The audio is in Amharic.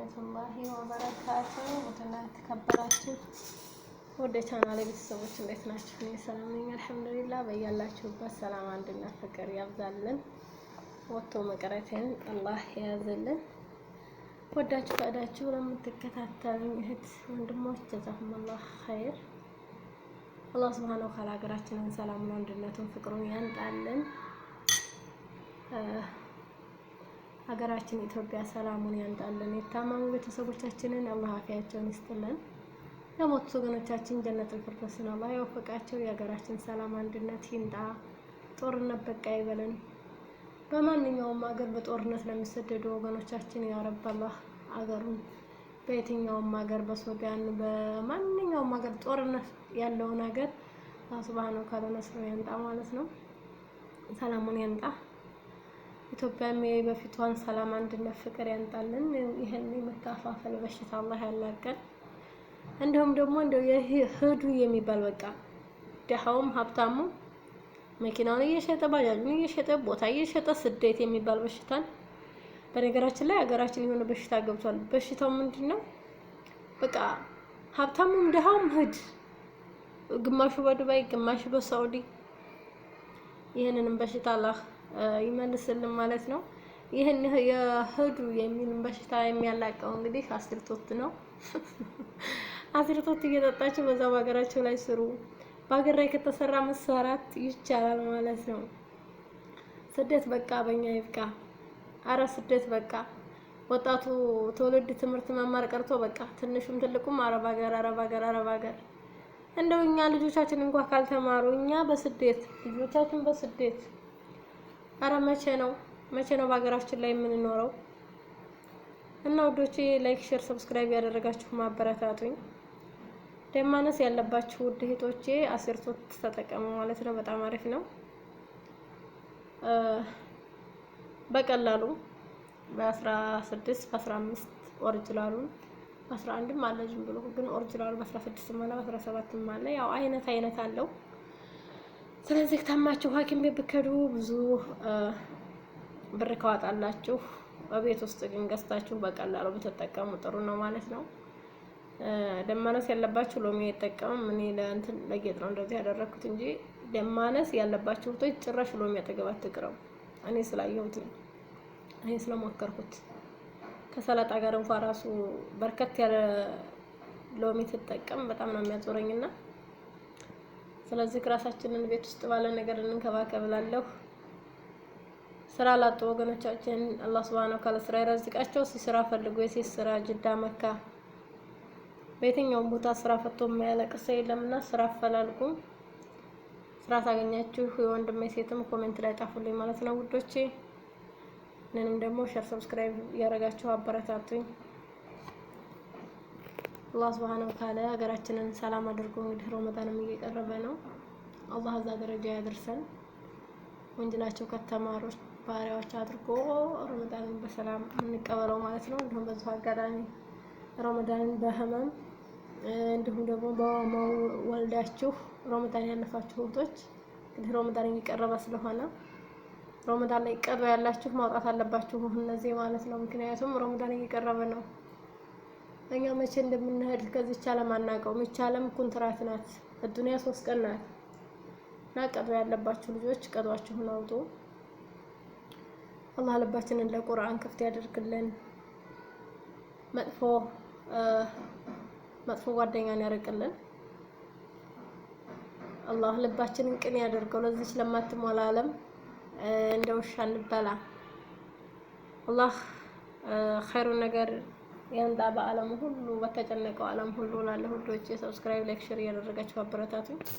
ወረህመቱላሂ ወበረካቱ ወደና ተከበራችሁ ወደ ቻናሌ ቤተሰቦች እንዴት ናችሁ? እኔ ሰላም ነኝ አልሐምዱሊላህ። በያላችሁበት ሰላም፣ አንድነት፣ ፍቅር ያብዛልን። ወጥቶ መቅረትን አላህ የያዘልን። ወዳችሁ ፈቅዳችሁ ለምትከታተሉኝ እህት ወንድሞች ጀዛኩሙላህ ኸይር። አላህ ሱብሓነሁ ወተዓላ ሀገራችንን ሰላሙን፣ አንድነቱን፣ ፍቅሩን ያንጣልን። ሀገራችን ኢትዮጵያ ሰላሙን ያንጣልን የታመሙ ቤተሰቦቻችንን አላህ አፊያቸውን ይስጥልን። ለሞቱ ወገኖቻችን ጀነት ፊርደውስን አላህ ያወፍቃቸው። የሀገራችን ሰላም አንድነት ይምጣ። ጦርነት በቃ ይበለን። በማንኛውም ሀገር በጦርነት ለሚሰደዱ ወገኖቻችን ያረብ አላህ አገሩን በየትኛውም ሀገር በሱዳን በማንኛውም ሀገር ጦርነት ያለውን ሀገር ስብሃኑ ካለ መስሎ ማለት ነው። ሰላሙን ያንጣ። ኢትዮጵያም የበፊቷን ሰላም፣ አንድነት፣ ፍቅር ያንጣልን። ይህን የመከፋፈል በሽታ አላህ ያላቀን። እንዲሁም ደግሞ እንደው የህዱ የሚባል በቃ ድሃውም ሀብታሙ መኪናውን እየሸጠ ባጃጁን እየሸጠ ቦታ እየሸጠ ስደት የሚባል በሽታን በነገራችን ላይ ሀገራችን የሆነ በሽታ ገብቷል። በሽታው ምንድን ነው? በቃ ሀብታሙም ድሃውም ህድ፣ ግማሹ በዱባይ ግማሹ በሳውዲ ይህንንም በሽታ አላህ ይመልስልን ማለት ነው። ይህን የህዱ የሚል በሽታ የሚያላቀው እንግዲህ አስርቶት ነው። አስርቶት እየጠጣችሁ በዛ በሀገራችሁ ላይ ስሩ። በሀገር ላይ ከተሰራ መሰራት ይቻላል ማለት ነው። ስደት በቃ በእኛ ይብቃ። አረ ስደት በቃ ወጣቱ ትውልድ ትምህርት መማር ቀርቶ በቃ ትንሹም ትልቁም አረብ ሀገር አረብ ሀገር አረብ ሀገር። እንደው እኛ ልጆቻችን እንኳን ካልተማሩ እኛ በስደት ልጆቻችን በስደት አረ መቼ ነው መቼ ነው በሀገራችን ላይ የምንኖረው? እና ውዶቼ ላይክ፣ ሼር፣ ሰብስክራይብ ያደረጋችሁ ማበረታቱኝ። ደም ማነስ ያለባችሁ ውድ እህቶቼ አሴርቶት ተጠቀሙ ማለት ነው። በጣም አሪፍ ነው። በቀላሉ በ16 በ15 ኦሪጅናሉን 11ም አለ ዝም ብሎ ግን ኦሪጅናሉ በ16 እና በ17 አለ። ያው አይነት አይነት አለው ስለዚህ ታማችሁ ሐኪም ቤት ብከዱ ብዙ ብር ካወጣላችሁ በቤት ውስጥ ግን ገዝታችሁ በቀላሉ ብትጠቀሙ ጥሩ ነው ማለት ነው። ደማነስ ያለባችሁ ሎሚ አይጠቀምም። እኔ ለእንትን ለጌጥ ነው እንደዚህ ያደረኩት እንጂ ደማነስ ያለባችሁ ቶች ጭራሽ ሎሚ አጠገብ አትቅረቡ። እኔ ስላየሁት ነው፣ እኔ ስለሞከርኩት ከሰላጣ ጋር እንኳ ራሱ በርከት ያለ ሎሚ ትጠቀም በጣም ነው የሚያዞረኝና ስለዚህ ራሳችንን ቤት ውስጥ ባለ ነገር እንንከባከብ እላለሁ። ስራ ላጡ ወገኖቻችን አላህ ሱብሃነሁ ወተዓላ ስራ ይረዝቃቸው። ሲስራ ፈልጎ የሴት ስራ ጅዳ፣ መካ በየትኛውም ቦታ ስራ ፈቶ የማያለቅስ የለምና ስራ አፈላልጉ። ስራ ታገኛችሁ የወንድም የሴትም ኮሜንት ላይ ጣፉልኝ ማለት ነው ውዶቼ። እኔንም ደግሞ ሸር ሰብስክራይብ እያደረጋችሁ አበረታቱኝ። አላህ ስብሃነ ወተዓላ ሀገራችንን ሰላም አድርጎ እንግዲህ ረመዳንም እየቀረበ ነው። አላህ እዛ ደረጃ ያደርሰን። ወንጀላቸው ከተማሪዎች ባሪያዎች አድርጎ ረመዳንን በሰላም እንቀበለው ማለት ነው። እንዲሁም በዚሁ አጋጣሚ ረመዳንን በህመም እንዲሁም ደግሞ በማው ወልዳችሁ ረመዳን ያለፋችሁ እህቶች እንግዲህ ረመዳን እየቀረበ ስለሆነ ረመዳን ላይ ቀር ያላችሁ ማውጣት አለባችሁ እነዚህ ማለት ነው። ምክንያቱም ረመዳን እየቀረበ ነው። እኛ መቼ እንደምንሄድ ከዚች ዓለም አናውቀውም። ይች ዓለም ኩንትራት ናት። እዱንያ ሶስት ቀን ናት እና ቀዶ ያለባችሁ ልጆች ቀዷችሁን አውጡ። አላህ ልባችንን ለቁርአን ክፍት ያደርግልን። መጥፎ መጥፎ ጓደኛን ያርቅልን። አላህ ልባችንን ቅን ያደርገው። ለዚች ለማትሞላ ዓለም እንደ ውሻ እንበላ። አላህ ኸይሩን ነገር የህንጣ በአለም ሁሉ በተጨነቀው አለም ሁሉ ላለ ሁዶች ሰብስክራይብ ሌክቸር እያደረጋችሁ አበረታቱኝ።